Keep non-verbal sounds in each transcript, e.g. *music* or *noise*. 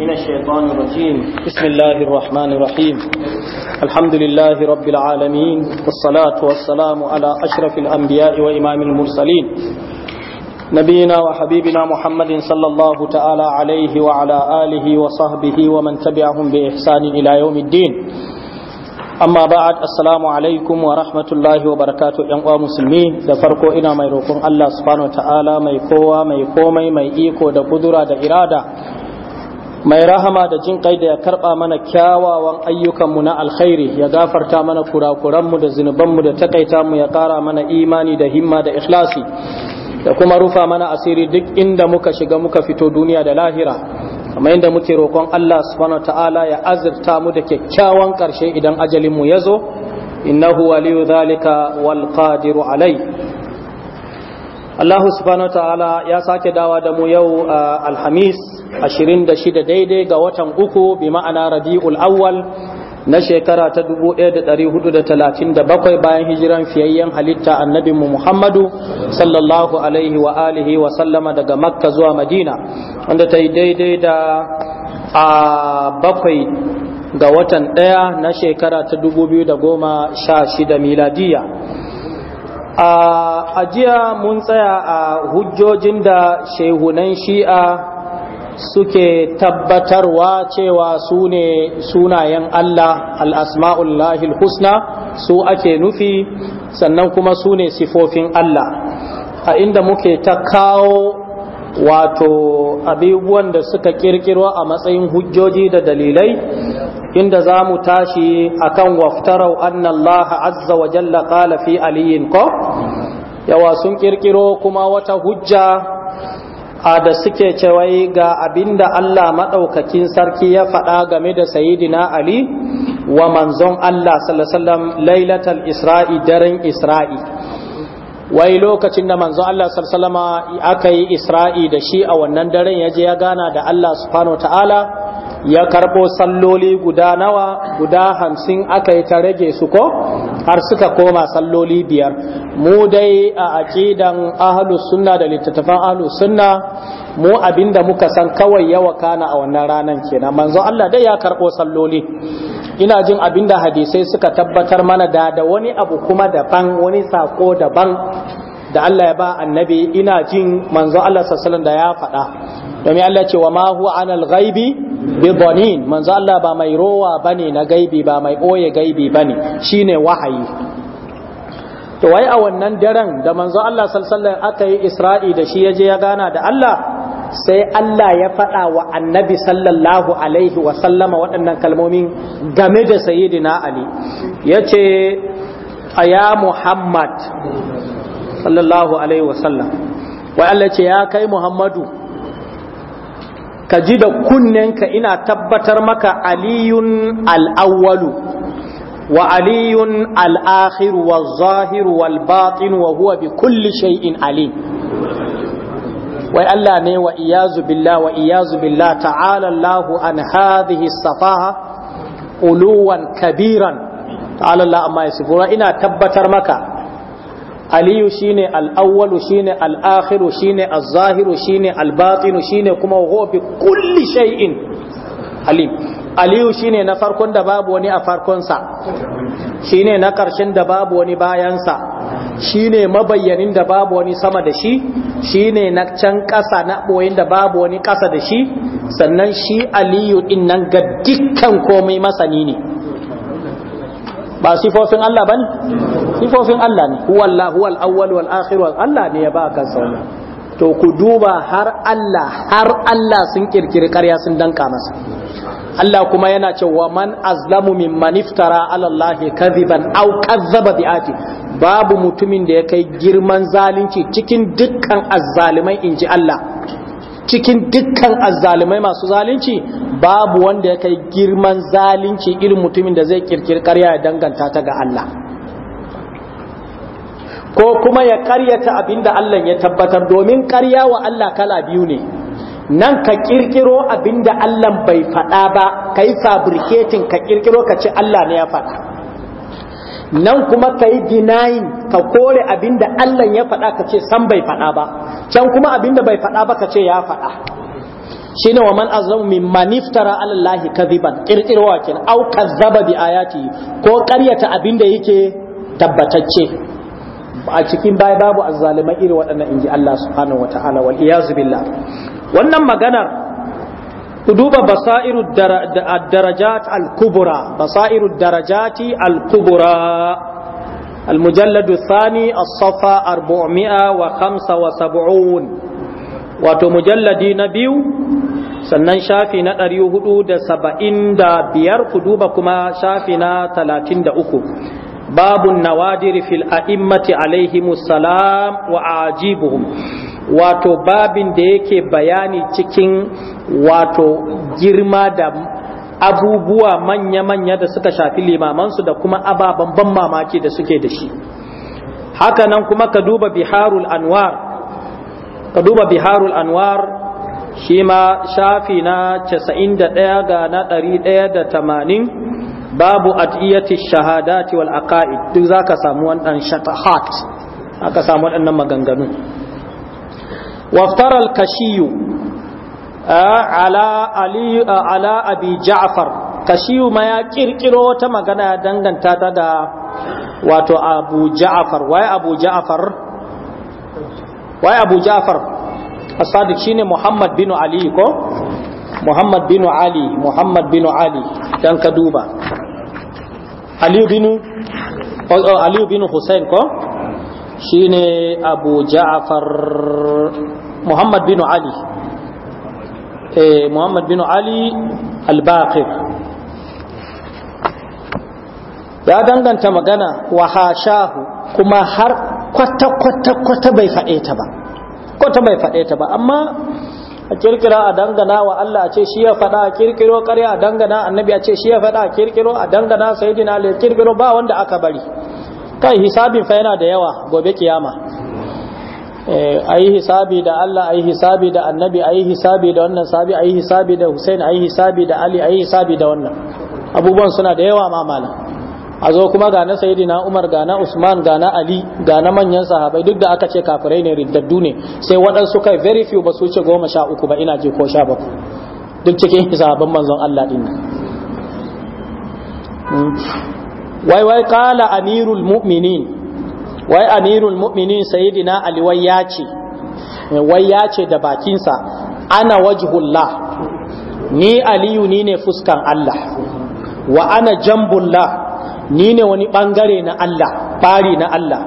من الشيطان الرجيم بسم الله الرحمن الرحيم الحمد لله رب العالمين والصلاة والسلام على أشرف الأنبياء وإمام المرسلين نبينا وحبيبنا محمد صلى الله تعالى عليه وعلى آله وصحبه ومن تبعهم بإحسان إلى يوم الدين amma ba'ad assalamu alaikum wa rahmatullahi wa barakatu yan uwa musulmi da farko ina mai roƙon Allah subhanahu ta'ala mai kowa mai komai mai iko da kudura da irada mai rahama da jin kai da ya karba mana kyawawan ayyukanmu na alkhairi ya gafarta mana kurakuranmu da zunubanmu da takaita mu ya kara mana imani da himma da ikhlasi da kuma rufa mana asiri duk inda muka shiga muka fito duniya da lahira kamar inda muke roƙon Allah subhanahu ta'ala ya azurta mu da kyakkyawan ƙarshe idan ajalin mu ya zo innahu waliyu zalika wal qadiru alai Allah subhanahu ta'ala ya sake dawa da mu yau alhamis 26 daidai ga watan uku bi ma'ana rabi'ul awwal na shekara ta 1437 bayan hijiran fiyayyen halitta mu Muhammadu sallallahu alaihi wa alihi wa sallama daga makka zuwa madina wanda ta yi daidai da a bakwai ga watan ɗaya na shekara ta 2016 miladiya a jiya mun tsaya a hujjojin da shehunan shi'a suke tabbatarwa cewa su ne sunayen Allah al'asma'ullahi husna su ake nufi sannan kuma su ne sifofin Allah a inda muke ta kawo wato abubuwan da suka kirkiro a matsayin hujjoji da dalilai inda za mu tashi akan waftarau annallaha azza wa jalla fi aliyin ko yawa sun ƙirƙiro kuma wata hujja a da suke cewai ga abinda Allah maɗaukakin sarki ya faɗa game da sayidina Ali wa manzon Allah sallasallam lailatal isra'i daren isra'i wai lokacin da manzon Allah sallallahu aka yi isra'i da shi a wannan daren ya je ya gana da Allah subhanahu ta'ala ya karɓo salloli guda nawa guda hamsin aka yi ta rage su ko har suka koma salloli biyar mu dai a aƙidan ahlus sunna da littattafan ahlus sunna mu abinda muka san kawai yawa kana a wannan ranar kenan manzo Allah dai ya karɓo salloli ina jin abinda hadisai suka tabbatar mana da da wani abu kuma daban wani sako daban da Allah ya ba annabi ina jin manzo Allah sallallahu da ya faɗa domin Allah ce wa mahu anal gaibi bi manzo Allah ba mai rowa bane na gaibi ba mai boye gaibi bane shine wahayi to wai a wannan daren da manzo Allah sallallahu aka yi Isra'i da shi yaje ya gana da Allah sai Allah ya faɗa wa annabi sallallahu alaihi wa sallama waɗannan kalmomin game da sayyidina Ali yace ya Muhammad sallallahu alaihi wa sallam wai Allah ce ya kai Muhammadu ka ji da kunnenka ina tabbatar maka aliyun al'awwalu wa aliyun al'akhiru wa zahiru wal wa huwa bi kulli shay'in alim wai Allah ne wa iyazu billah wa iyazu billah ta'ala an hadhihi safaha uluwan kabiran ta'ala Allah amma yasifura ina tabbatar maka aliyu shine al-awwalu shine al-akhiru shine al zahiru shine al-batinu shine kuma hofi kulli shay'in alim aliyu shine na farkon da babu wani a farkon sa shine na karshen da babu wani bayan sa shine mabayyanin da babu wani sama da shi shine na can ƙasa na boyin da babu wani kasa da shi sannan shi aliyu din nan ga dukkan komai masani ne ba sifofin Allah bane sifofin Allah ne huwallahu al awwal wal akhir wal Allah ne ya ba kansa to ku duba har Allah har Allah sun kirkiri ƙarya sun danka masa Allah kuma yana cewa man azlamu mimman iftara ala Allah kadhiban aw kazzaba bi ati babu mutumin da ya kai girman zalunci cikin dukkan azzalimai inji Allah cikin dukkan azzalimai masu zalunci babu wanda ya kai girman zalunci irin mutumin da zai kirkiri ƙarya ya danganta ta ga Allah ko kuma ya karyata abinda Allah ya tabbatar domin karya wa Allah kala biyu ne nan ka kirkiro abinda Allah bai faɗa ba ka yi fabriketin ka kirkiro ka ce Allah ne ya faɗa nan kuma ka yi denying ka kore abinda Allah ya faɗa ka ce san bai faɗa ba can kuma abinda bai faɗa ba ka ce ya faɗa ne wa man azlamu mimman iftara ala allahi kadhiban kirkirwa kin au kazzaba bi ayati ko ƙaryata abinda yake tabbatacce a cikin baya babu azzalimai iri waɗannan inji Allah subhanahu wa ta'ala wal iyazu billah wannan maganar ku duba basairu darajat al-kubra basairu darajati al mujalladu المجلد الثاني الصفا 475 wato mujalladi na biyu sannan shafi na ɗari da saba'in da biyar ku duba kuma shafi na talatin da uku babu nawadir fil a'immati alaihimus salam wa ajibuhum wato babin da yake bayani cikin wato girma da abubuwa manya-manya da suka shafi limamansu da kuma ababen ban mamaki da suke da shi hakanan kuma ka duba biharul anwar ka duba biharul anwar shi ma shafi na 91 ga na 180 babu atiyati shahadati wal aqaid duk zaka samu wannan shatahat aka samu wannan maganganun waftara al kashiyu ala ali ala abi ja'far kashiyu ma ya kirkiro wata magana ya danganta ta da wato abu ja'far wai abu ja'far wai abu ja'far as-sadiq shine muhammad bin ali ko muhammad bin ali muhammad bin ali dan ka duba aliyu bin oh, oh, hussein ko shine abu ja'afar muhammad bin ali eh, muhammad bin ali al-baqir ya danganta magana wa hashahu kuma har kwata kwata kwata bai faɗe ta ba kwata bai faɗe ta ba amma a kirkira a dangana wa Allah a ce shi ya faɗa a kirkiro ƙarya a dangana annabi a ce shi ya faɗa a kirkiro a dangana dina le kirkiro ba wanda aka bari kai hisabin fa yana da yawa gobe kiyama eh yi hisabi da Allah a hisabi da annabi a hisabi da wannan sabi a hisabi da Hussein a hisabi da Ali a hisabi da wannan abubuwan suna da yawa ma malam a zo kuma ga na sayidina umar ga na usman ga na ali ga na manyan sahabai duk da aka ce kafirai ne riddaddu ne sai waɗansu kai very few ba su ce goma sha uku ba ina ji ko sha bakwai duk cikin *laughs* sahabban manzon Allah din hmm. wai wai kala amirul mu'minin wai amirul mu'minin sayidina ali wai ya ce wai ya ce da bakinsa ana wajhullah ni aliyu ni ne fuskan Allah wa ana jambullah ni ne wani ɓangare na Allah bari na Allah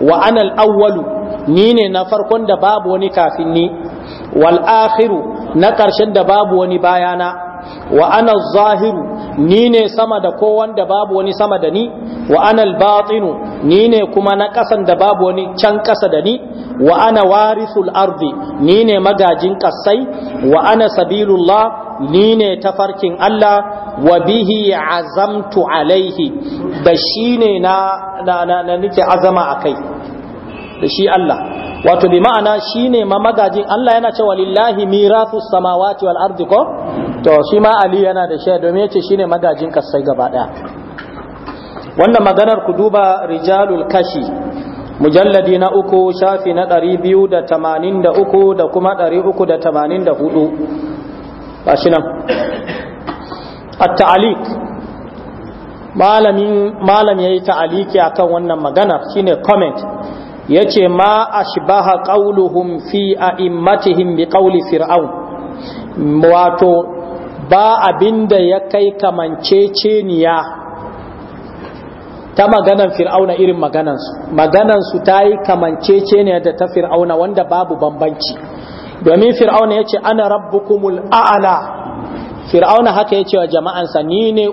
wa anal awwalu ni ne na farkon da babu wani kafin ni wal akhiru na ƙarshen da babu wani bayana wa anal zahiru ni ne sama da kowan da babu wani sama da ni wa anal batinu ni ne kuma na ƙasan da babu wani can ƙasa da ni wa ana warithul ardi ni ne magajin ƙasai wa ana sabilullah ni ne tafarkin Allah wa bihi azamtu alaihi da shi ne na nake azama a kai da shi Allah wato bi ma'ana shi ne ma magajin Allah yana cewa lillahi mirasu samawati wal ardi ko to shi ma Ali yana da shi domin yace shi ne magajin kasai gaba daya wannan maganar ku duba rijalul kashi mujalladi na uku shafi na ɗari biyu da kuma ɗari gashi nan ta'alik malam ya yi yayi ta'aliki kan wannan magana shine comment ce ma a ashbaha ƙauluhun fi a a'immatihim bi ƙauli fir'aun wato ba abinda ya kai kamanceceniya ta maganan fir'auna irin maganansu maganansu ta yi kamanceceniya da ta fir'auna wanda babu bambanci domin fir'auna yace ana rabbukumul a'ala fir'auna haka ya ce wa jama'ansa ni ne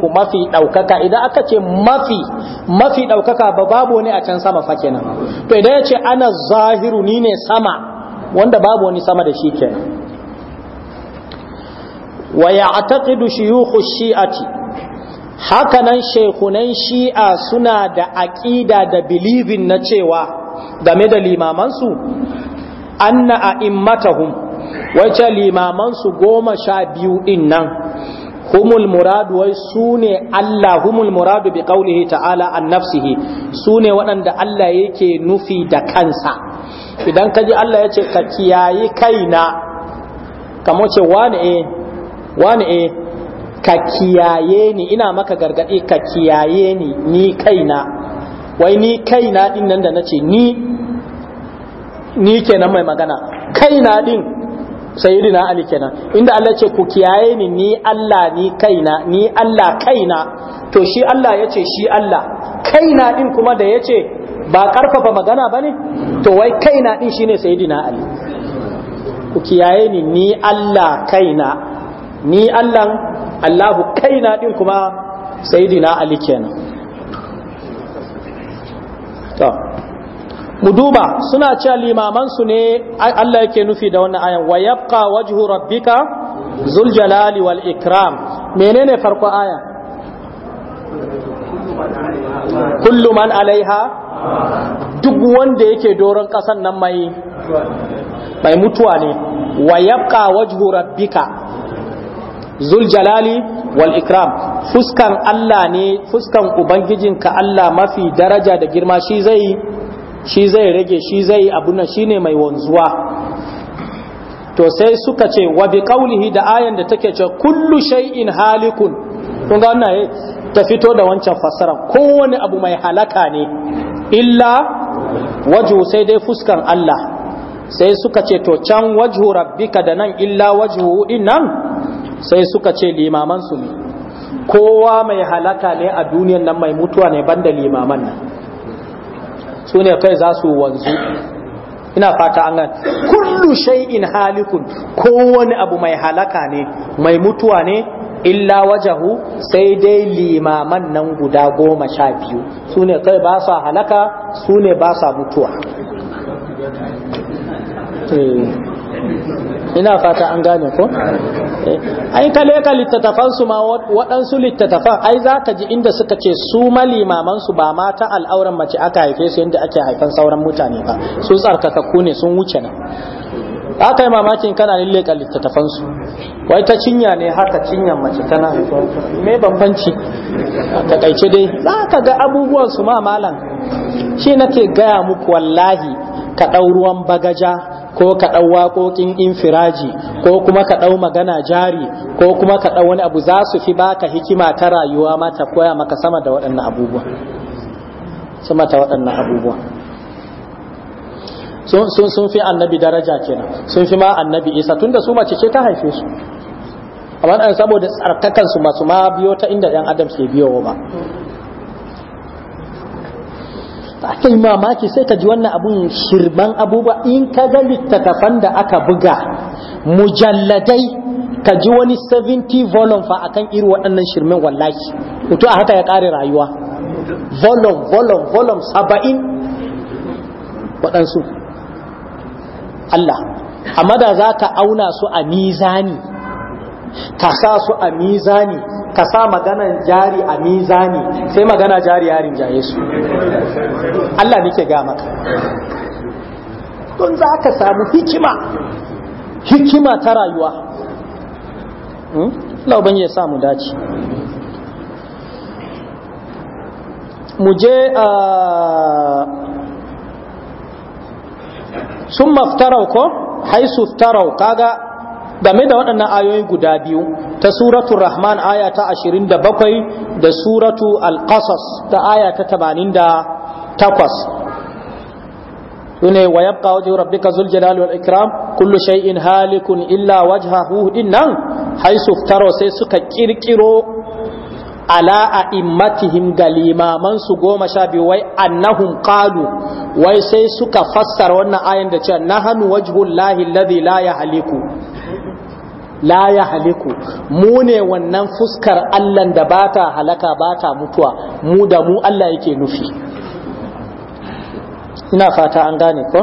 ku mafi ɗaukaka idan aka ce mafi mafi ɗaukaka ba babu wani a can sama fake nan to idan ya ana zahiru ni ne sama wanda babu wani sama da shi kenan wa ya'taqidu shuyukhu shi'ati haka nan shekunan shi'a suna da aƙida da bilibin na cewa game da limamansu anna a'immatahum wace limaman su goma sha biyu din nan humul muradu wai su ne Allah humul muradu bi qaulihi ta'ala an nafsihi su ne waɗanda Allah yake nufi da kansa idan ka ji Allah ya ce ka kiyaye kaina kamar ce wani e eh, wani e eh, ka kiyaye ni ina maka gargaɗi ka kiyaye ni ni kaina wai ni kaina din nan da na ce ni ni kenan mai magana kaina din sayyidina ali kenan inda Allah ce ku kiyaye ni ni Allah ni kaina ni Allah kaina to shi Allah ya ce shi Allah kaina din kuma da ya ce ba karfafa magana bane to wai kaina din shine sayyidina ali ku kiyaye ni ni Allah kaina ni Allah Allahu kaina din kuma sayyidina ali kenan to mu suna cewa limamansu ne Allah yake nufi da wannan ayan wa yabqa wajhu rabbika zul jalali wal ikram menene farko aya kullu man alaiha duk wanda yake doron kasan nan mai mai mutuwa ne wa yabqa wajhu rabbika zul jalali wal ikram fuskan Allah ne fuskan ubangijinka Allah mafi daraja da girma shi zai shi zai rage shi zai abu na shine mai wanzuwa to sai suka ce wa bi da ayan da take ce kullu shay'in halikun kun ga wannan eh, ta fito da wancan fassara kowane abu mai halaka ne illa wajhu sai dai fuskan Allah sai suka ce to can wajhu rabbika da nan illa wajhu nan sai suka ce limaman su ne kowa mai halaka ne a duniyan nan mai mutuwa ne banda limaman nan su ne kai za su wanzu ina fata an gan kullu shay'in halikun kowane abu mai halaka ne mai mutuwa ne illa wajahu sai dai limaman nan guda goma sha biyu su ne kai ba sa halaka su ne ba sa mutuwa eh. ina fata an gane ko Eh, ai ka leka littattafan su ma waɗansu littattafan ai za ka ji inda suka ce su malimaman su ba ma ta al'auran mace aka haife su yadda ake haifan sauran mutane ba su tsarkakakku ne sun wuce nan aka yi mamakin kana leka littattafan su wai ta cinya ne haka cinyan mace tana me bambanci kaice dai za ka ga abubuwan su ma malam shi nake gaya muku wallahi ka ɗau ruwan bagaja ko ka ɗau waƙoƙin infiraji ko kuma ka ɗau magana jari ko kuma ka ɗau wani abu za su fi baka hikima ta rayuwa mata koya maka sama da waɗannan abubuwa sama ta waɗannan abubuwa sun sun fi annabi daraja kenan sun fi ma annabi isa tunda su mace ce ta haife su amma saboda tsarkakan su masu ma biyo ta inda ɗan adam ke biyo ba za mamaki sai ka ji wannan abun shirban abubuwa in ka ga littattafan da aka buga mujalladai ka ji wani 70 volume fa akan irin waɗannan shirmen wallahi to a haka ya ƙare rayuwa volume volume volume saba'in waɗansu Allah amma da za ka auna su a mizani ka sa su a mizani ka sa maganan jari a mizani sai magana jari ya jaye su Allah nike ga maka don za ka samu hikima hikima ta rayuwa hmm? lauban ya samu dace mu je a sun maftarau ko haisu tarau kaga game da waɗannan ayoyi guda biyu ta suratu rahman aya ta 27 da suratu al-qasas ta aya ta 88 sune wa yabqa wajhu rabbika zul jalali wal ikram kullu shay'in halikun illa wajhahu dinnan haisu taro sai suka kirkiro ala a'immatihim ga limaman su goma sha biyu wai annahum qalu wai sai suka fassara wannan ayan da cewa nahanu wajhullahi alladhi la yahliku la ya haliku mu ne wannan fuskar Allah da ba ta halaka ba ta mutuwa mu da mu Allah yake nufi ina fata an gane ko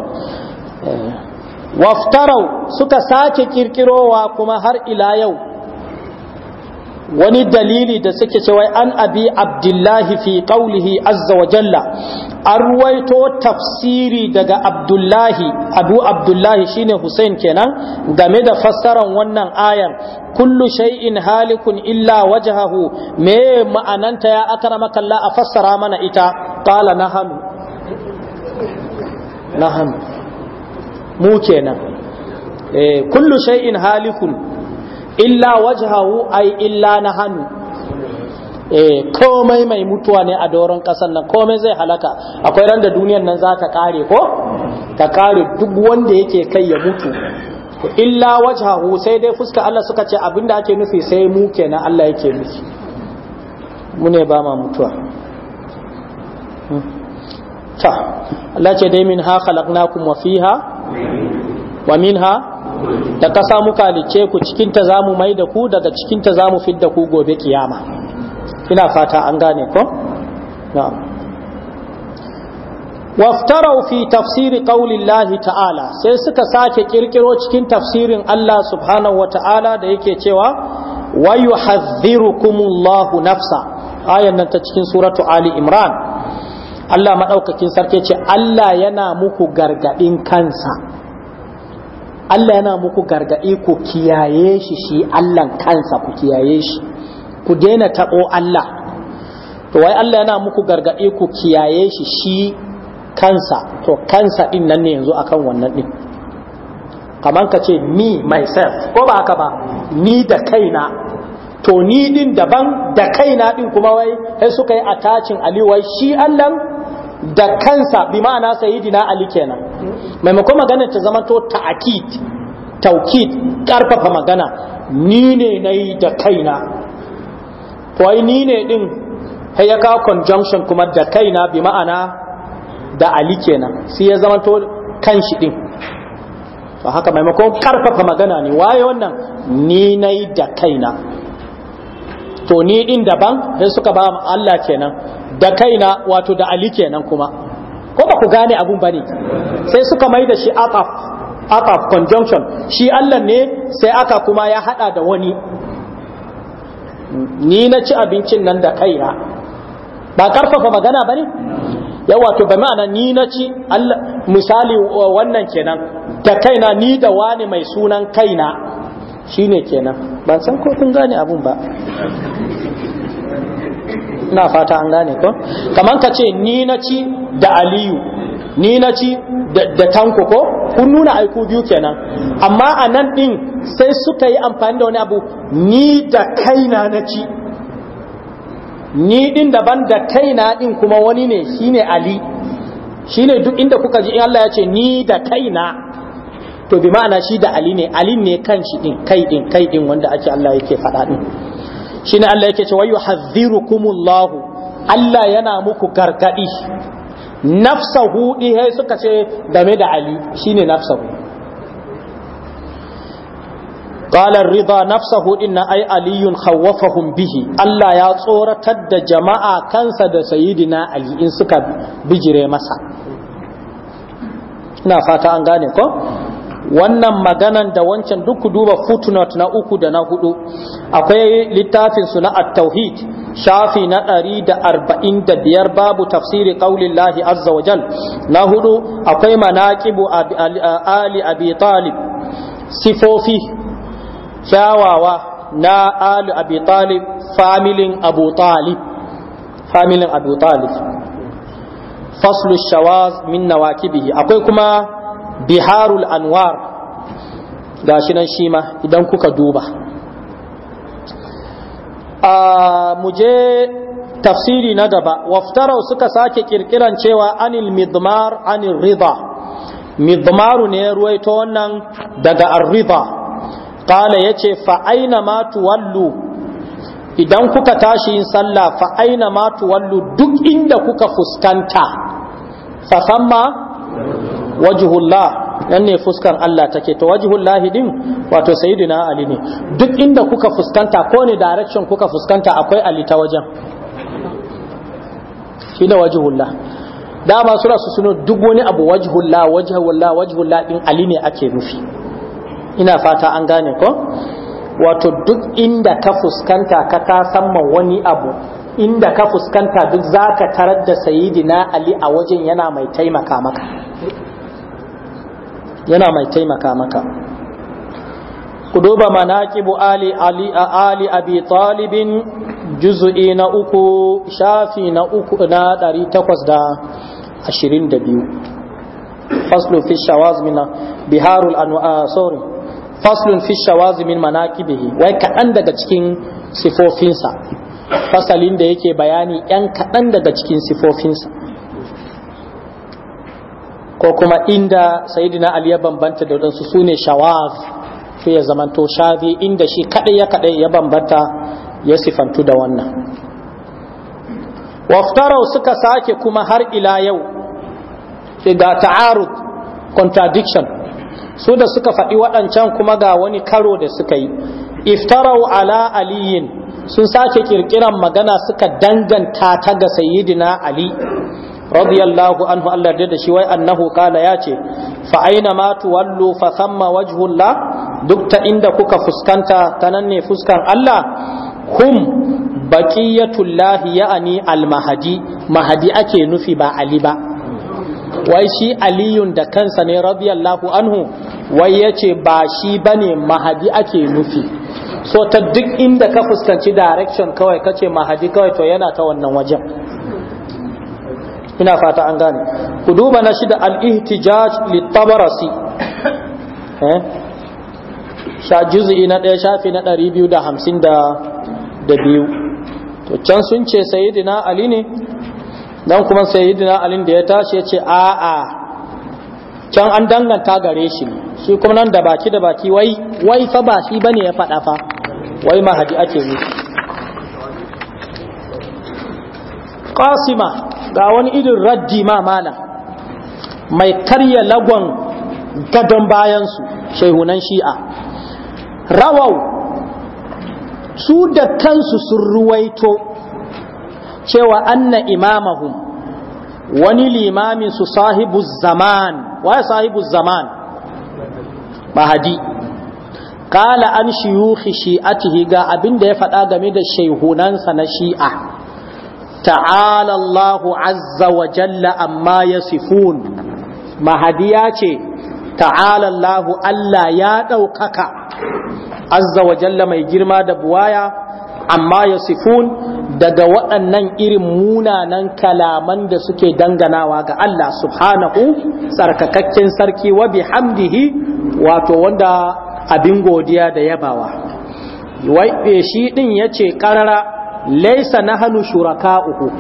eh. waftarau suka sake kirkirowa kuma har ila yau wani dalili da suke cewa an abi abdullahi fi qawlihi azza wa jalla an ruwaito tafsiri daga abdullahi abu abdullahi shine hussein kenan game da fassaran wannan ayan kullu shay'in halikun illa wajhahu me ma'ananta ya akramaka Allah a fassara mana ita qala nahanu nahanu mu kenan eh kullu shay'in halikun illa wajhahu ai illa na hannu eh komai mai mutuwa ne a doron kasan nan komai zai halaka akwai ran da duniyar nan za ta kare ko ta kare duk wanda yake kai ya mutu illa wajhahu sai dai fuska Allah suka ce abinda ake nufi sai mu kenan Allah yake nufi mu ne ba ma mutuwa hmm. ta Allah ce dai min ha khalaqnakum wa fiha wa minha da ƙasa muka lice ku cikinta ta zamu mai da ku daga cikinta zamu fidda ku gobe kiyama ina fata an gane ko waftarau fi tafsiri ƙaulillahi ta'ala sai suka sake ƙirƙiro cikin tafsirin Allah subhanahu wa ta'ala da yake cewa wa yuhadhdhirukumullahu nafsa ayan nan ta cikin suratu ali imran Allah maɗaukakin sarki ce Allah yana muku gargadin kansa Allah yana muku gargaɗi ku kiyaye shi shi Allahn kansa ku kiyaye shi ku daina taɓo Allah to wai Allah yana muku gargaɗi ku kiyaye shi shi kansa to kansa ɗin nan ne yanzu akan wannan ɗin kamar ka ce me myself ko ba haka ba ni da kaina to ni ɗin daban da kaina ɗin kuma wai sai suka yi attaching Ali wai shi Allah da kansa bi ma'ana sayidina Ali kenan maimakon magana ta zama to ta'akid taukid karfafa magana ni ne na yi da kaina to ni ne din hayaka ya conjunction kuma da kaina bi ma'ana da ali kenan sai ya zama to kan shi din to haka maimakon karfafa magana ne waye wannan ni na yi da kaina to ni din daban sai suka ba Allah kenan da kaina wato da ali kenan kuma ko ba ku gane abun bane sai suka mai da shi ataf ataf conjunction shi Allah ne sai aka kuma ya hada da wani ni na ci abincin nan da kaina ba karfafa magana bane yawa to ba ma'ana ni na ci Allah misali wannan kenan da kaina ni da wani mai sunan kaina shine kenan ban san ko kun gane abun ba ina fata an gane ko Kamar ka ce ni na ci da aliyu ni na ci da tanko ko kun nuna aiku biyu kenan amma a nan ɗin sai suka yi amfani da wani abu ni da kaina na ci ni ɗin daban da kaina ɗin kuma wani ne shi ne ali Shi ne duk inda kuka ji in Allah ya ce ni da kaina to bi ma'ana shi da ali ne ali ne kan shi ɗin kai ɗin kai ɗin wanda ake Allah yake faɗa ɗin ne Allah yake ce wayu hadhirukumullahu Allah yana muku gargaɗi nafsahu ɗi hai suka ce game da ali shi ne nafsahu ƙalar rida nafsahu ɗin na ai aliyun hawafahun bihi Allah ya tsoratar da jama'a kansa da sayidi na ali in suka bijire masa Ina fata an gane ko wannan maganan da wancan dukku duba footnote na uku da na hudu akwai littafin su na at-tauhid shafi na biyar babu tafsiri qaulillahi azza wa jal na hudu akwai manaƙibu ali abi talib sifofi kyawawa na ali abi talib familin abu talib familin abu talib faslu shawaz min nawakibihi akwai kuma biharul anwar shi nan shi ma idan kuka duba a muje tafsiri na gaba waftarau suka sake kirkiran cewa anil midmar anil rida midmaru ne ruwaito wannan daga arrida kala ya ce fa'aina ma tuwallu idan kuka tashi yin sallah fa'aina ma tuwallu duk inda kuka fuskanta fasamma wajhullah nan ne fuskar Allah take to wajhullah din wato sayyidina ali ne duk inda kuka fuskanta ko ne direction kuka fuskanta akwai ali ta wajen shi da wajhullah dama sura su suno duk wani abu wajhullah wajhullah wajhullah din ali ne ake nufi ina fata an gane ko wato duk inda ka fuskanta ka san samma wani abu inda ka fuskanta duk zaka tarar da sayyidina ali a wajen yana mai taimaka maka yana mai taimaka maka ku duba manaqibu ali ali ali abi talibin juz'i na uku shafi na uku na 822 فصل في الشوازم بهار الانواع سوري فصل في الشوازم من مناكبه wai kaɗan daga cikin sifofinsa fasalin da yake bayani yan kaɗan daga cikin sifofinsa ko kuma inda sayidina ali ya bambanta da wadansu sune shawaz sai ya zamanto shafi inda shi kadai ya kadai ya bambanta ya sifantu da wannan waftarau suka sake kuma har ila yau ga ta'arud contradiction su da suka faɗi waɗancan kuma ga wani karo da suka yi iftarau ala aliyin sun sake kirkiran magana suka danganta ta ga sayyidina ali radiyallahu anhu Allah da da shi wai annahu kala ya ce fa aina ma tuwallu fa thamma wajhullah duk ta inda kuka fuskanta ta nan ne fuskan Allah hum baqiyatullahi ya'ani al-mahdi mahadi ake nufi ba ali ba wai shi aliyun da kansa ne radiyallahu anhu wai yace ba shi bane mahadi ake nufi so ta duk inda ka fuskanci direction kawai kace mahadi kawai to yana ta wannan wajen ina fata an gane ku duba na shida al-ihtijaj litabarasi eh sha juz'i na ɗaya shafi na ɗari biyu da hamsin da biyu to can sun ce sayyidina ali ne dan kuma sayyidina ali da ya tashi ya ce a can an danganta gare shi ne shi kuma nan da baki da baki wai wai fa ba shi bane ya faɗa fa wai mahadi ake yi qasima ga wani irin raddi ma malam mai karya lagon gadon bayansu shehunan shi'a rawau su da kansu sun ruwaito cewa anna imamahum wani limamin su sahibu zaman waye sahibu zaman mahadi kala an shiyuhi shi'atihi ga abin da ya faɗa game da shehunansa na shi'a ta'ala Allahu azza wa jalla amma yasifun mahadiya ce ta'ala Allah ya ɗaukaka azza wa jalla mai girma da buwaya amma yasifun daga waɗannan irin munanan kalaman da suke danganawa ga Allah subhanahu tsarkakakken sarki wa bihamdihi wato wanda abin godiya da yabawa wai eh, shi din yace karara laisa nahnu shuraka'uhu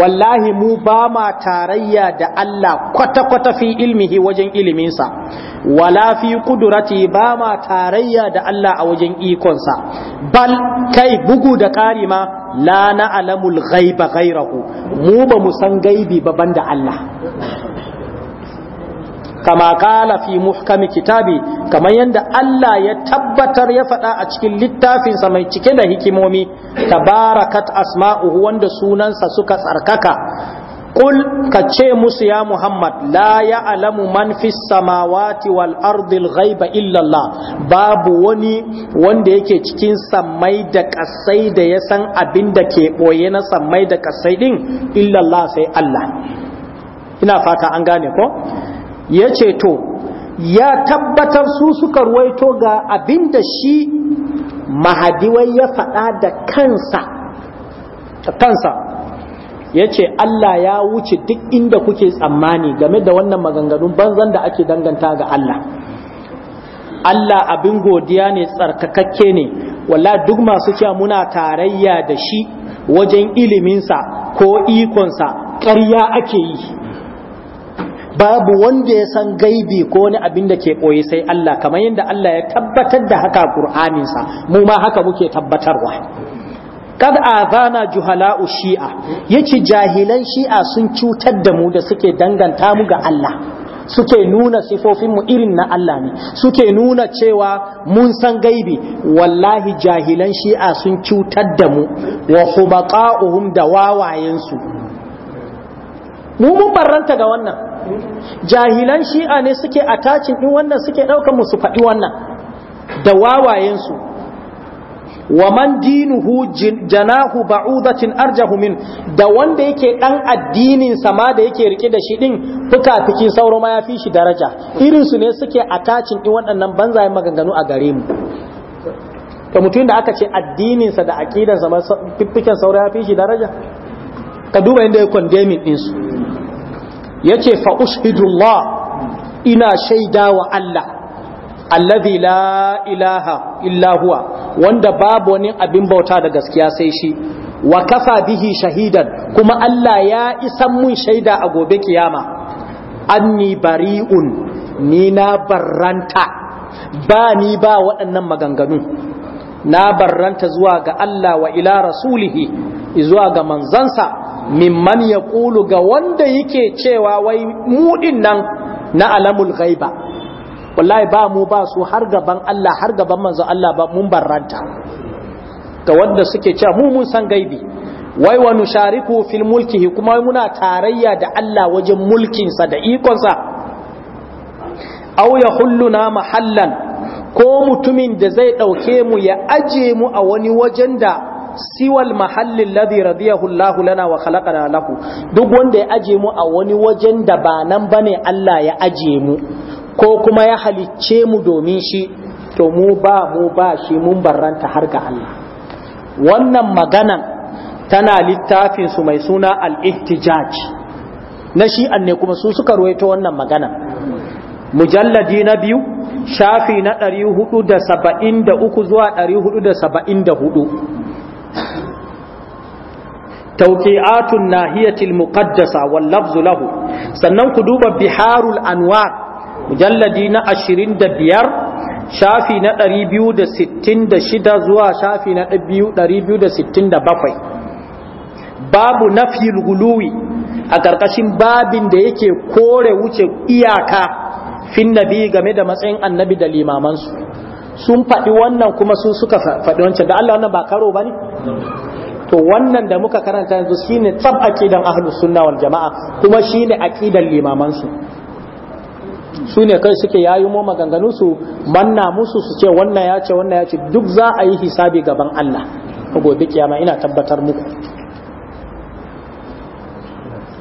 wallahi mu ba ma tarayya da Allah kwata kwata fi ilmihi wajen iliminsa wala fi qudrati ba ma tarayya da Allah a wajen ikonsa bal kai bugu da ƙarima ma la na'lamul ghaiba ghairahu mu ba mu san gaibi ba banda Allah kama kala fi muhkami kitabi kamar yadda Allah ya tabbatar ya faɗa a cikin littafinsa mai cike da hikimomi tabarakat asma'uhu wanda sunansa suka tsarkaka Kul ka ce musu ya Muhammad la ya alamu man fi samawati wal ardil ghaiba illallah babu wani wanda yake cikin sammai da kasai da ya san abin da ke boye na sammai da kasai din illallah sai Allah ina fata an gane ko yace to ya tabbatar su suka ruwaito ga abinda shi mahadiwai ya faɗa da kansa kansa ya ce Allah ya wuce duk inda kuke tsammani game da wannan maganganun banzan da ake danganta ga Allah Allah abin godiya ne tsarkakakke ne walla duk masu cewa muna tarayya da shi wajen iliminsa ko ikonsa ƙarya ake yi babu wanda ya san gaibi ko wani abin da ke koyi sai Allah kamar yadda Allah ya tabbatar da haka kur'aninsa mu ma haka muke tabbatarwa kad azana juhala'u shi'a yace jahilan shi'a sun cutar da mu da suke danganta mu ga Allah suke nuna sifofin mu irin na Allah ne suke nuna cewa mun san gaibi wallahi jahilan shi'a sun cutar da mu wa hubaqa'uhum da wawayensu mu mun barranta ga wannan jahilan shi'a ne suke attachin din wannan suke ɗaukan su faɗi wannan da wawayensu wa man dinuhu janahu ba'udatin arjahu min da wanda yake dan addinin sama da yake rike da shi din fukafikin sauro ma fi shi daraja irin su ne suke attachin din waɗannan banzayen maganganu a gare mu ka mutum da aka ce addinin sa da sa ma fiffiken sauro fi shi daraja ka duba inda ya condemning din su yace fa ina shaida wa Allah allazi la ilaha illa wanda babu wani abin bauta da gaskiya sai shi wa kafa bihi shahidan kuma Allah ya isan mun shaida a gobe kiyama anni bari'un ni na barranta ba ni ba waɗannan maganganu na barranta zuwa ga Allah wa ila rasulihi zuwa ga manzansa mimman ya ƙulu ga wanda yake cewa wai muɗin nan na alamul ghaiba wallahi ba mu ba su har gaban Allah har gaban manzo Allah ba mun barranta ga wanda suke cewa mu mun san gaibi wai wa nushariku fil mulkihi kuma muna tarayya da Allah wajen mulkinsa da ikonsa aw hulluna mahallan ko mutumin da zai ɗauke mu ya aje mu a wani wajen da siwal mahallin ladhi radiyahu Allah lana wa khalaqana lahu duk wanda ya aje mu a wani wajen da ba nan bane Allah ya aje mu ko kuma ya halicce mu domin shi to mu ba mu ba shi mun barranta har ga Allah wannan maganan tana littafin su mai suna al-ihtijaj na shi ne kuma su suka ruwaito wannan magana mujalladi na biyu shafi na 473 zuwa 474 tawqi'atun nahiyatil muqaddasa wal lafzu lahu sannan ku duba biharul anwar mujalladi na 25 shafi na 266 zuwa shafi na 267 babu nafyil guluwi a ƙarƙashin babin da yake kore wuce iyaka fin nabi game da matsayin annabi da limamansu sun faɗi wannan kuma su suka faɗi wancan da Allah wannan ba karo ba ne? to wannan da muka karanta yanzu shine tsab aqidan ahlus sunna wal jamaa kuma shine aqidan limaman su su ne kai suke yayi mu maganganu su manna musu su ce wannan ya ce wannan ya ce duk za a yi hisabi gaban Allah gobe kiyama ina tabbatar muku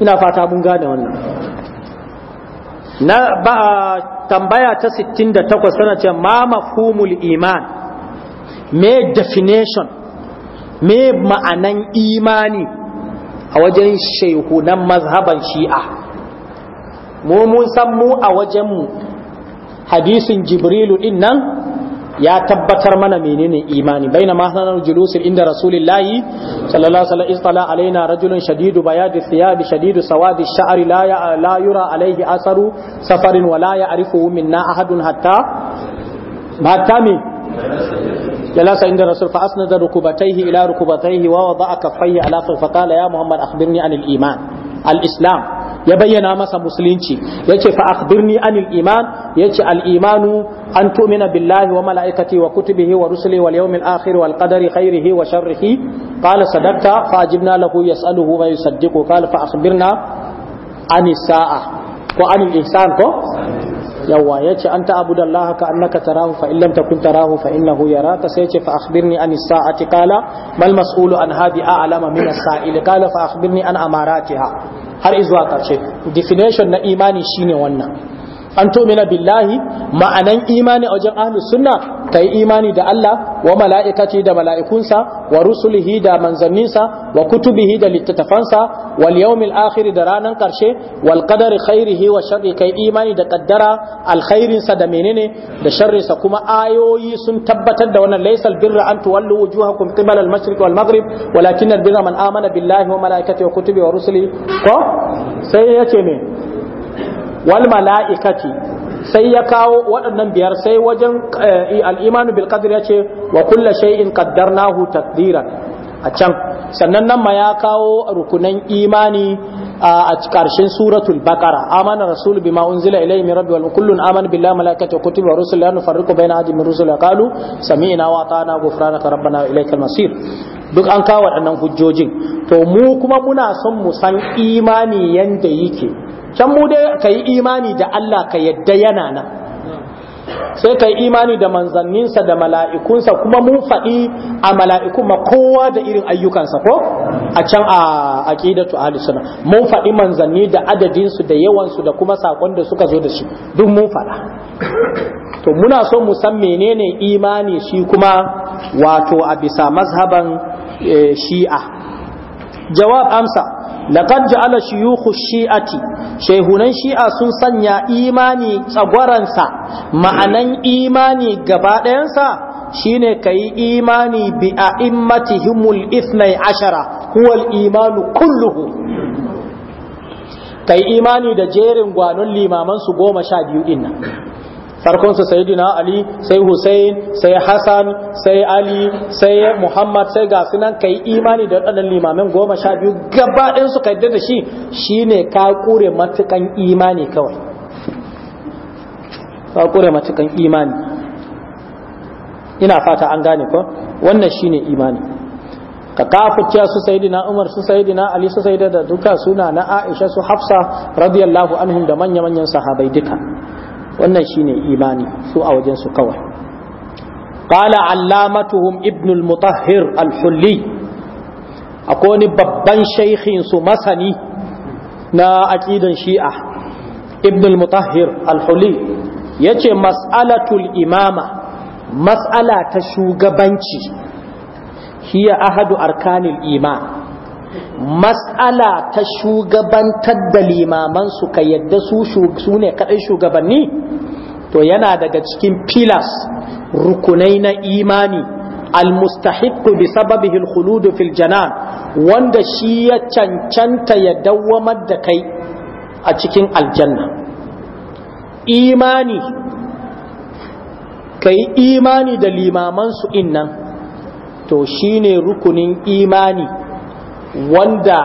ina fata mun gane wannan na ba tambaya ta 68 sana ce ma mafhumul iman me definition me ma'anan imani a wajen shehunan mazhaban shi'a mu mun san mu a wajenmu hadisin jibrilu din nan ya tabbatar mana menene imani baina ma sanar inda rasulillahi sallallahu alaihi istala alaina rajulun shadidu bayadi thiyab shadidu sawadi sha'ri la ya la yura alaihi asaru safarin Walaya, la ya'rifu minna ahadun hatta hatta me جلس عند الرسول فأسند ركبتيه إلى ركبتيه ووضع كفيه على فقال يا محمد أخبرني عن الإيمان الإسلام ya bayyana masa musulunci yace fa akhbirni anil iman yace al imanu an tu'mina billahi wa malaikati wa kutubihi wa rusuli wal yawmil akhir wal qadari khairihi wa sharrihi qala sadaqta fa ajibna lahu yas'aluhu wa yusaddiqu qala fa akhbirna anis sa'a ko anil ihsan ko yawa yace an ta'budu Allah ka annaka tarahu fa illam takun tarahu fa innahu ta sai ce fa akhbirni an sa'ati qala mal mas'ulu an hadi a'lama min as-sa'il qala fa akhbirni an amaratiha har izuwa karshe definition na imani shine wannan an tumina billahi ma'anan imani a wajen ahlus sunna kai imani da Allah wa mala'ikati da mala'ikunsa wa rusulihi da manzanninsa wa kutubihi da littattafansa wal yawmil akhir da ranan karshe wal qadari khairihi wa sharri kai imani da qaddara alkhairinsa da menene da sharrinsa kuma ayoyi sun tabbatar da wannan laysal birra an tuwallu wujuhakum qibala al mashriq wal maghrib walakin al birra man amana billahi wa mala'ikati wa kutubi wa rusulihi ko sai yace me wal mala'ikati sai ya kawo waɗannan biyar sai wajen eh, al'imanu bil qadr ya ce wa kullu shay'in qaddarnahu taqdiran a can sannan nan ma ya kawo rukunan imani a karshen suratul baqara amana rasul bima unzila ilayhi min rabbi wal kullun amana billahi malaikatihi wa kutubihi wa rusulihi la nufarriqu baina ahadin min rusulihi qalu sami'na wa ata'na ghufranaka rabbana wa ilaykal masir duk an kawo waɗannan hujjojin to mu kuma muna son mu san imani yanda yake can mu dai ka yi imani da Allah ka yadda yana nan sai ka yi imani da manzanninsa da mala'ikunsa kuma mun faɗi a mala'ikun ma kowa da irin ayyukansa ko a can a aƙidatu ahli mun faɗi manzanni da adadinsu da yawansu da kuma saƙon da suka zo da shi duk mun faɗa to muna so mu san menene imani shi kuma wato a bisa mazhaban eh, shi'a jawab amsa laqad ja'ala shuyukhu shi'ati shehunan shi'a sun sanya imani tsagwaransa ma'anan imani gaba ɗayansa shine kai imani bi a'immatihimul ithnai ashara huwal imanu kulluhu kai imani da jerin gwanon limaman su goma sha biyu dinnan sai dina ali sai Husain, sai hassan sai ali sai muhammad sai ga sunan kai imani da wadannan limamin goma sha biyu gaba ɗin su kai da shi shine ka kure matukan imani kawai ka kure matukan imani ina fata an gane ko wannan shine imani ka kafirciya su sayidina umar su sayidina ali su sayidina da duka suna na aisha su hafsa radiyallahu anhum da manya-manyan sahabai duka wannan shine imani su a wajen su kawai qala allamatuhum ibn al-mutahhir al-hulli akwai wani babban shaikhin su masani na aqidan shi'a ibn al-mutahhir al-hulli yace mas'alatul imama mas'ala ta shugabanci hiya ahadu arkanil iman mas'ala ta shugabantar da limaman su ka yadda su ne kaɗai shugabanni to yana daga cikin filas rukunai na imani almustahiqqu bi sababihi alkhuludu fil janan wanda shi ya cancanta ya dawwamar da kai a cikin aljanna imani kai imani da limaman su innan to shine rukunin imani wanda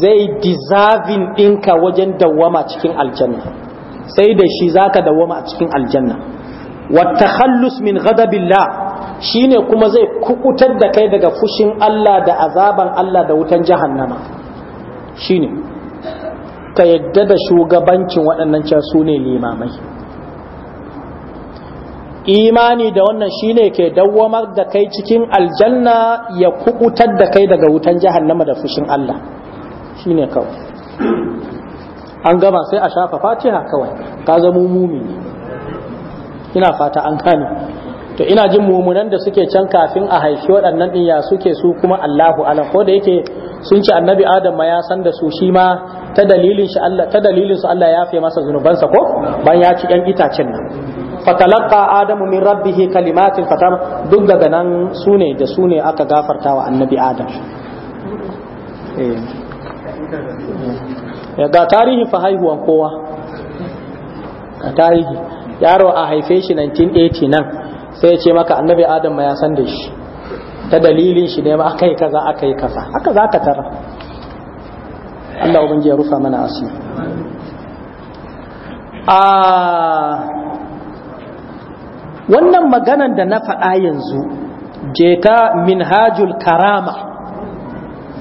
zai dizavin ɗinka wajen dawwama cikin aljanna sai da shi zaka dawwama a cikin aljanna wattakhallus min shi shine kuma zai kukutar da kai daga fushin Allah da azaban Allah da wutan jahannama shine ka yadda da shugabancin waɗannan can su ne limamai imani da wannan shine ke dawwamar da kai cikin aljanna ya kubutar da kai daga wutan jahannama da fushin Allah shine kawai an gama sai a shafa fatiha kawai ka zama mumini ina fata an kane to ina jin mumunan da suke can kafin a haifi waɗannan ɗin ya suke su kuma Allahu alam ko da yake sun ci annabi Adam ma ya san da su shi ma ta dalilin shi Allah ta dalilin su Allah ya fi masa zunubansa ko ban ya ci ɗan itacen nan fatalaqa adamu min rabbih kalimatin fatam duk daga nan sune da sune aka gafarta wa annabi Adam eh ga tarihi fa haihuwan kowa ga tarihi yaro a haife shi 1980 nan sai ya ce maka annabi adam ma ya san da shi ta dalilin shi ne ma aka yi kaza aka yi kaza haka za ka tara Allah ubangi ya rufa mana asiri a wannan maganan da na faɗa yanzu je ka minhajul karama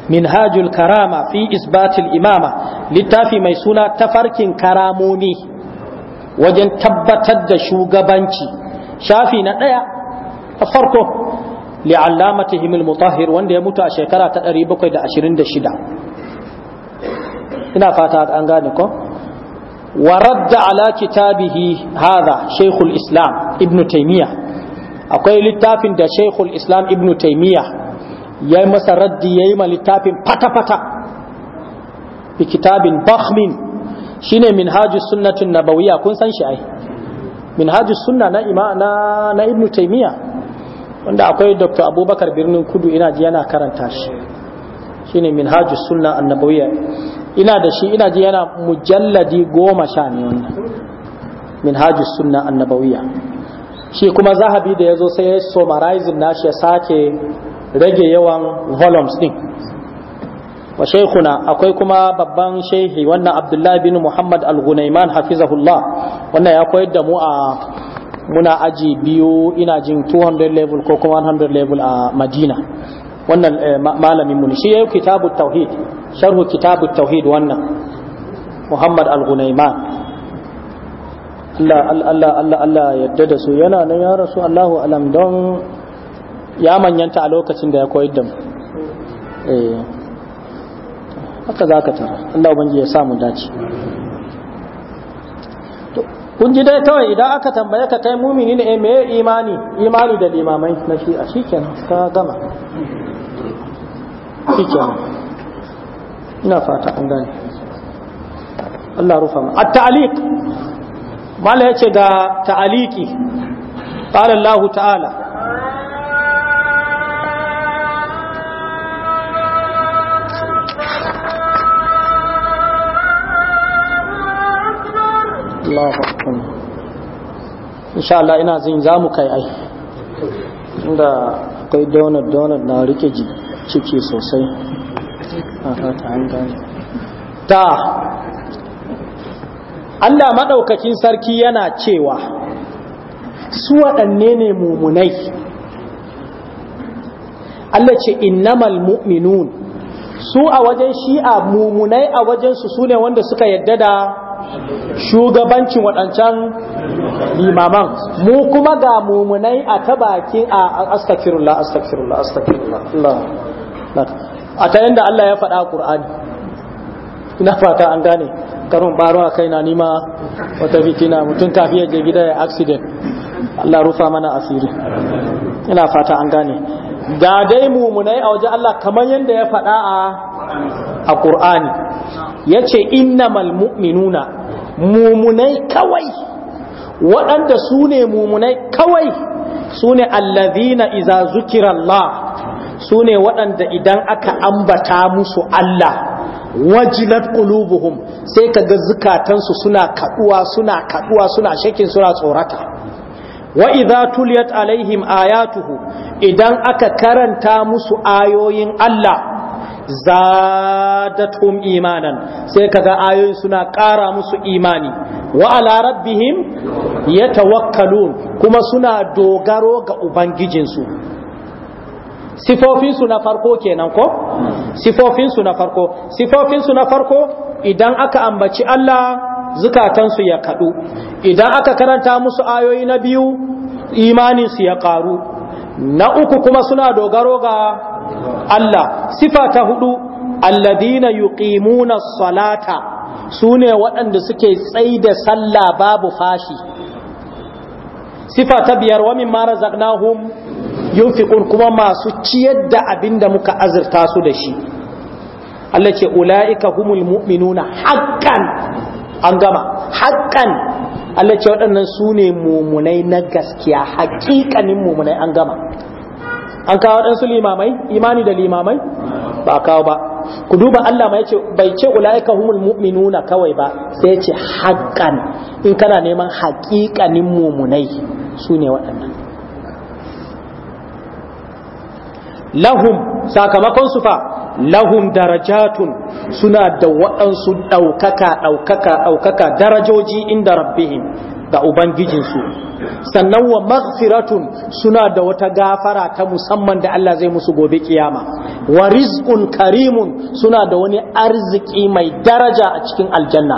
minhajul karama fi isbatil imama littafi mai suna tafarkin karamomi wajen tabbatar da shugabanci shafi na ɗaya a farko li'allamati himil mutahir wanda ya mutu a shekara ta 726 ina fata an gane ko wa radda ala kitabihi hadha shaykhul islam ibn taymiya akwai littafin da shaykhul islam ibn taymiya yayi masa raddi yayi ma littafin fata fata bi kitabin bakhmin shine minhajus sunnatin nabawiyya kun san shi ai hajji suna na ima na ibn taimiyya wanda akwai dr abubakar birnin kudu ina ji yana karanta shi shine minhajus suna annabawiyya ina da shi ina ji yana mujalladi goma sha ne wannan minhajus suna annabawiyya shi kuma zahabi da ya zo sai ya somarizin nashi ya sake rage yawan volumes din wa shaykhuna akwai kuma babban shehi wannan abdullahi bin muhammad al-gunaiman hafizahullah wannan ya koyar da mu a muna aji biyu ina jin 200 level ko kuma 100 level a madina wannan eh, malamin mu shi yayi kitabu tauhid sharhu kitabu tauhid wannan muhammad al-gunaiman Allah Allah Allah yadda da su yana nan ya rasu Allahu alam don ya manyanta a lokacin da ya koyar da mu eh. haka za ka tara Allah ubangiji ya samu dace to kun ji dai kawai idan aka tambaye ka kai mumini ne eh, me imani imani da limamai na shi, a shikenan ka gama shikenan ina fata an gane Allah rufa mu at-ta'liq mala yace ga ta'aliki qala Allah ta'ala Inshallah akbar insha Allah ina zin za mu kai ai inda akwai donut donut na rike ciki sosai aha ta Allah madaukakin sarki yana cewa su waɗanne ne mummunai? Allah ce innamal mu'minun su a wajen shi'a mummunai a wajen su ne wanda suka yadda da shugabancin waɗancan limaman mu kuma ga mumunai a ta bakin a astakirullah astakirullah astakirullah a ta da Allah ya faɗa ƙur'ani ina fata an gane karon baro a kai na nima wata fitina mutum tafiya je gida ya aksiden Allah rufa mana asiri ina fata an gane ga dai mumunai a waje Allah kamar yadda ya faɗa a a ƙur'ani ya ce innamal mu'minuna mumunai kawai waɗanda su ne mumunai kawai su ne allazina iza zukirallah su ne waɗanda idan aka ambata musu Allah wajilat qulubuhum sai ka ga zukatansu suna kaduwa suna kaduwa suna shakin suna tsorata wa idza tuliyat alaihim ayatuhu idan aka karanta musu ayoyin Allah zadatum imanan sai kaga ayoyin suna ƙara musu imani wa ala rabbihim yatawakkalun kuma suna dogaro ga ubangijinsu sifofinsu na farko kenan ko sifofinsu na farko sifofinsu na farko idan aka ambaci Allah zukatansu ya kadu idan aka karanta musu ayoyi na biyu imaninsu ya karu na uku kuma suna dogaro ga Allah sifa ta hudu alladina yuqimuna salata sune waɗanda suke tsaida sallah babu fashi sifa ta biyar wa mimma razaqnahum yunfiqun kuma masu ciyar da abinda muka azurta su da shi Allah ce ula'ika humul mu'minuna haƙƙan an gama haƙƙan Allah ce waɗannan sune mumunai na gaskiya haƙiƙanin mumunai an gama an kawo waɗansu limamai imani da limamai ba kawo ba ku duba Allah mai ce bai ce ulaika humul mu'minuna kawai ba sai ce haqqan in kana neman haƙiƙanin mumunai su ne waɗannan lahum sakamakon su fa lahum darajatun suna da waɗansu ɗaukaka ɗaukaka ɗaukaka darajoji inda rabbihim ga ubangijinsu sannan wa maghfiratun suna da wata gafara ta musamman da Allah zai musu gobe kiyama wa rizkun karimun suna da wani arziki mai daraja a cikin aljanna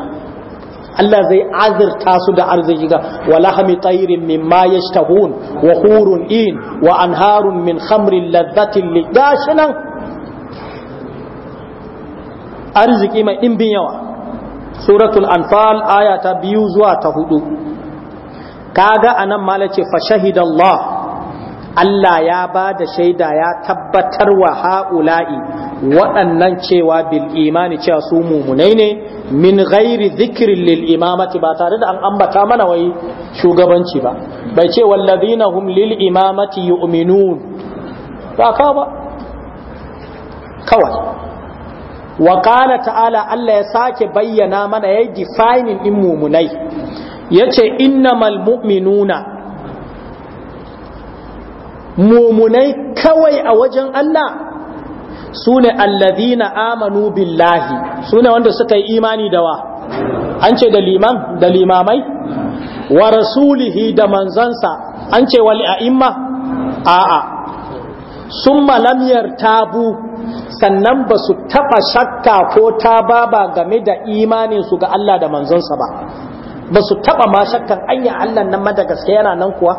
Allah zai azirta su da arziki ga walahmi min mimma tahun wa hurun in wa anharun min khamrin ladhatin ligashinan arziki mai dimbin yawa suratul anfal aya ta biyu zuwa ta hudu kaga anan mala ce fa shahidallah Allah ya ba da shaida ya tabbatar wa ha'ula'i waɗannan cewa bil imani cewa su mumunai ne min ghairi zikirin lil imamati ba tare da an ambata mana wai shugabanci ba bai ce wallazina hum lil imamati yu'minun ba ka ba kawai wa ta'ala Allah ya sake bayyana mana yayi defining in mumunai ya ce innamal mu'minuna mumunai kawai a wajen Allah su ne allazina amanu billahi su ne wanda suka yi imani da wa an ce da liman da limamai wa rasulihi da manzansa an ce wal a'imma a'a summa lam yartabu sannan ba su taba shakka ko ta ba game da imaninsu ga Allah da manzansa ba ba su taba ma shakkan anya Allah nan ma yana nan kuwa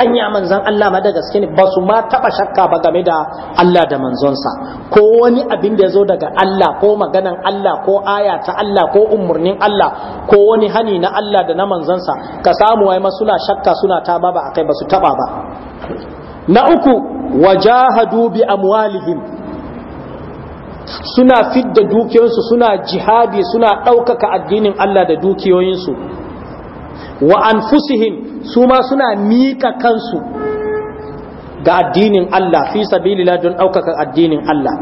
anya manzon Allah ma da gaske ne ba su ma taba shakka ba game da Allah da manzonsa ko wani abin da ya zo daga Allah ko maganan Allah ko aya ta Allah ko umurnin Allah ko wani hani na Allah da na manzonsa ka samu wai masula shakka suna ta ba akai ba su taba ba na uku wajahadu bi amwalihim suna fidda dukiyoyinsu suna jihadi suna ɗaukaka addinin Allah da dukiyoyinsu wa anfusihim su ma suna miƙa kansu ga addinin Allah fi sabilillah don ɗaukaka addinin Allah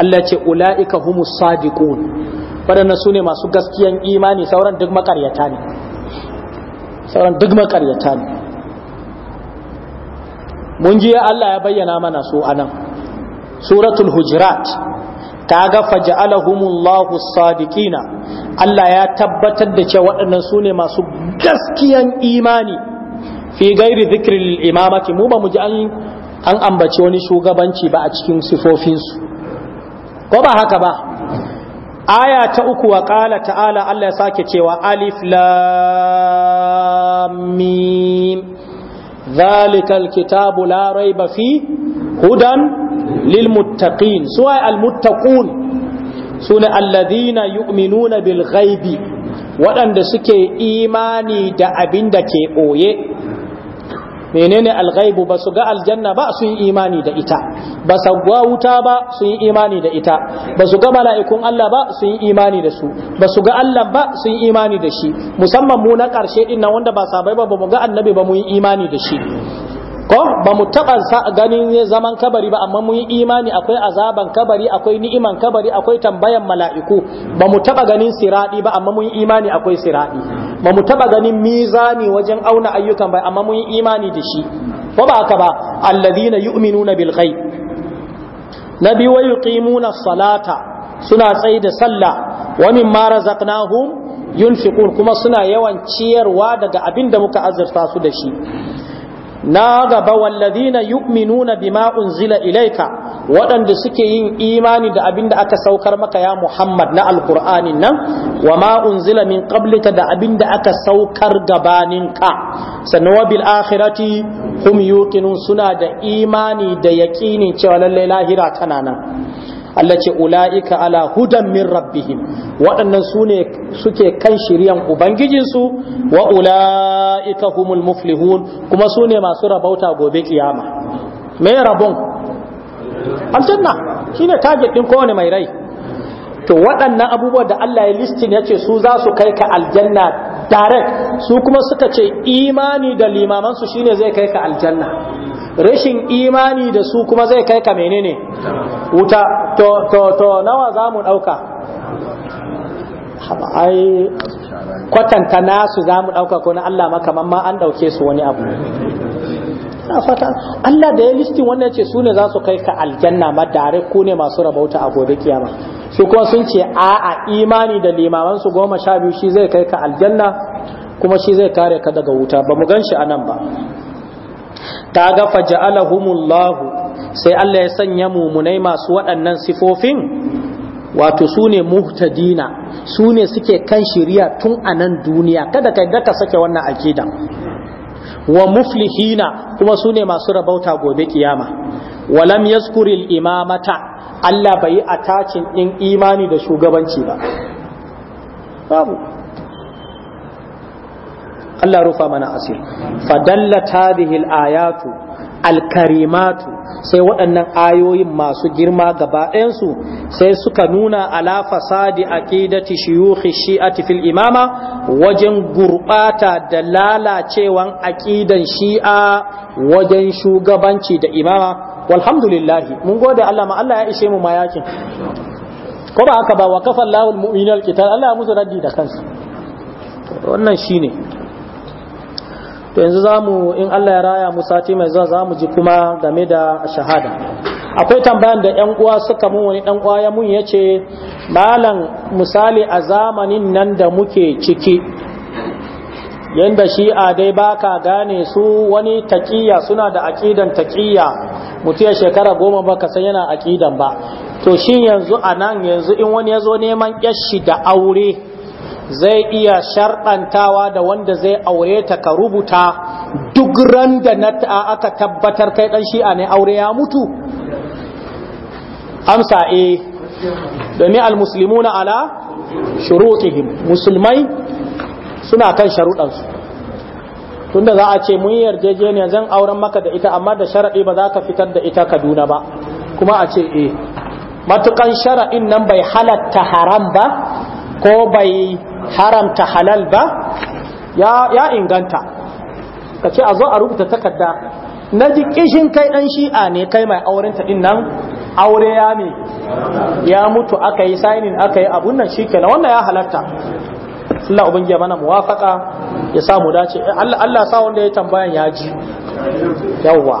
Allah ce ula'ika humus sadiqun waɗannan su ne masu gaskiyan imani sauran duk makaryata ne sauran duk makaryata ne mun ji Allah ya bayyana mana su anan suratul hujurat Ta ga faja'alahumullahu sadiqina Allah ya tabbatar da cewa waɗannan sune masu gaskiyan imani fi gairi zikirin imamati mu ba mu ji an ambaci wani shugabanci ba a cikin sifofinsu ko ba haka ba aya ta uku wa ƙala ta'ala Allah ya sake cewa alif lam zalikal kitabu la raiba fi hudan lil su suwa al muttaqun sune alladhina yu'minuna bil ghaibi waɗanda suke imani da abin da ke ɓoye menene alghaibu ba su ga aljanna ba su yi imani da ita ba su wuta ba su yi imani da ita ba su ga mala'ikun Allah ba su yi imani da su ba su ga Allah ba su yi imani da shi musamman mu na ƙarshe din wanda ba sabai ba ba mu ga annabi ba mu yi imani da shi ko ba mu taɓa ganin zaman kabari ba amma mun yi imani akwai azaban kabari akwai ni'iman kabari akwai tambayan mala'iku ba mu taɓa ganin siraɗi ba amma mun yi imani akwai siraɗi ba mu taɓa ganin mizani wajen auna ayyukan ba amma mun yi imani da shi ko ba haka ba alladhina yu'minuna bil ghaib nabi wa yuqimuna salata suna tsayi da sallah wa mimma razaqnahum yunfiqun kuma suna yawan ciyarwa daga abin da muka azurta su da shi na gaba walladina yu'minuna bima unzila ilaika waɗanda suke yin imani da abin da aka saukar maka ya Muhammad na alkur'ani nan wa ma unzila min qablika da abin da aka saukar gabaninka sannan wa bil akhirati hum yuqinun suna da imani da yaqini cewa lallai lahira tana nan Allah ce ula'ika ala hudan min rabbihim waɗannan su ne suke kan shiryan ubangijinsu wa ula'ika humul muflihun kuma su ne masu rabauta gobe kiyama me rabon aljanna shine target din kowane mai rai to waɗannan abubuwa da Allah ya listin ya ce su za su kai ka aljanna direct su kuma suka ce imani da limamansu shine zai kai ka aljanna rashin imani da su kuma zai kai ka menene wuta to to to nawa za mu ɗauka ai kwatanta nasu za mu ko na Allah maka ma an ɗauke su wani abu na fata Allah da ya listin wannan ce su ne za su kai ka aljanna ma ku ne masu rabauta a gobe kiyama su kuma sun ce a'a imani da limaman su goma sha biyu shi zai kai ka aljanna kuma shi zai kare ka daga wuta ba mu gan shi a ba kaga faja'alahumullahu sai Allah ya sanya mumunai masu waɗannan sifofin wato sune ne muhtadina sune suke kan shiriya tun a nan duniya kada ka daka sake wannan akida wa muflihina kuma sune masu rabauta gobe kiyama walam yaskuril imamata Allah bai yi attachin din imani da shugabanci ba babu Allah rufa mana asir Fadalla hadhihi al-ayatu al sai waɗannan ayoyin masu girma gaba ɗayansu sai suka nuna ala fasadi aqidati shuyukhi shi'ati fil imama wajen gurɓata da lalacewan aqidan shi'a wajen shugabanci da imama walhamdulillahi mun gode Allah ma Allah ya ishe mu mayakin ko ba haka ba wa kafa Allahul mu'minal Allah ya musu raddi da kansa wannan shine to yanzu zamu in Allah ya raya mu sati mai zuwa zamu ji kuma game da shahada akwai tambayan da yan uwa suka mun wani dan uwa ya mun yace malam misali a zamanin nan da muke ciki yanda a dai baka gane su wani taƙiyya suna da aƙidan taƙiyya mutu shekara goma baka san yana aƙidan ba to shi yanzu a nan yanzu in wani yazo zo neman kyashi da aure zai iya sharɗantawa da wanda zai aure ta ka rubuta duk ran da na aka tabbatar kai ɗan shi'a ne aure ya mutu amsa e domin na ala shurutihim musulmai suna kan sharuɗansu tunda za a ce mun yarjejeniya zan auren maka da ita amma da sharaɗi ba za ka fitar da ita kaduna ba kuma a ce e eh. matukan sharaɗin nan bai halatta haram ba ko bai haramta halal ba ya inganta ka ce a zo a rubuta takarda na ji kishin kai dan shi'a ne kai mai aurenta din nan aure ya ne ya mutu aka yi sainin aka yi abun nan shikenan wannan ya halarta Allah ubangiya mana muwafaka ya sa dace Allah sa wanda ya tambayan ya ji yawwa